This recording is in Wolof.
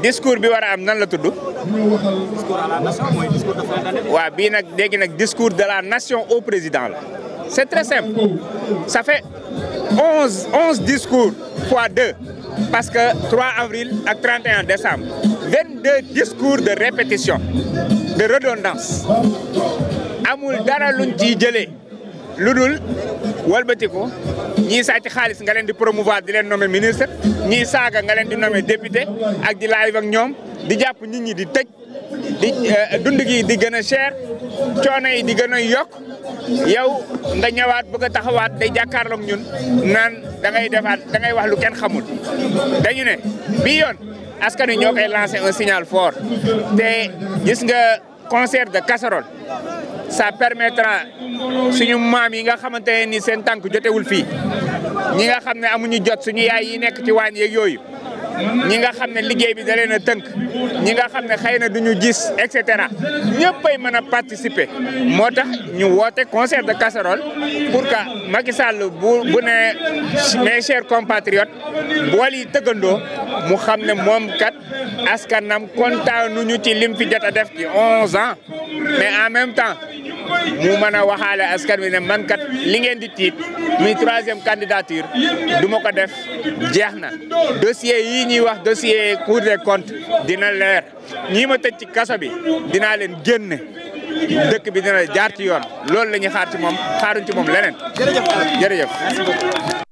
discours bi war a am nan la tudd. waa à bii nag dégg nag discours de la nation au président la. c'est très simple ça fait onze onze discours parce que 3 avril ak 31 décembre 22 discours de répétition de redondance amul dara luñ ciy jëlee lu dul ko ñii sàcc xaalis nga leen di promouvoir di leen nommer ministre ñii saaga nga leen di nommer député ak di live ak ñoom di jàpp nit ñi di tëj di euh, dund gi di gën a cher coono yi di gën a yokk yow nga ñëwaat bëgg a taxawaat day jàkkaarloog ñun naan da ngay defaat da ngay wax lu kenn xamul dañu ne bi yoon askan wi ñoo koy lancer un signal fort te gis nga. concert de casserole sa permettra suñu maam yi nga xamante ne ni seen tànk jotewul fii ñi nga xam ne amuñu jot suñu yaay yi nekk ci waañ yeeg yooyu ñi nga xam ne liggéey bi da leen a tënk ñi nga xam ne xëy na duñu gis et cetera ñëppay mën a participer moo tax ñu woote concert de casserole pour que Macky Sall bu bu ne mes chers compatriotes bool yi tëggandoo mu xam ne moom kat askanam kontaanuñu ci lim fi jot a def ci 11 ans mais en même temps. mu mën a waxaale askan wi ne man kat li ngeen di tiit muy troisième candidature du ma ko def jeex na dossier yi ñuy wax dossier cour des comptes dina leer ñii ma tëj ci kaso bi dinaa leen génn dëkk bi dina jaar ci yoon loolu la xaar ci moom xaaruñ ci moom leneen jërëjëf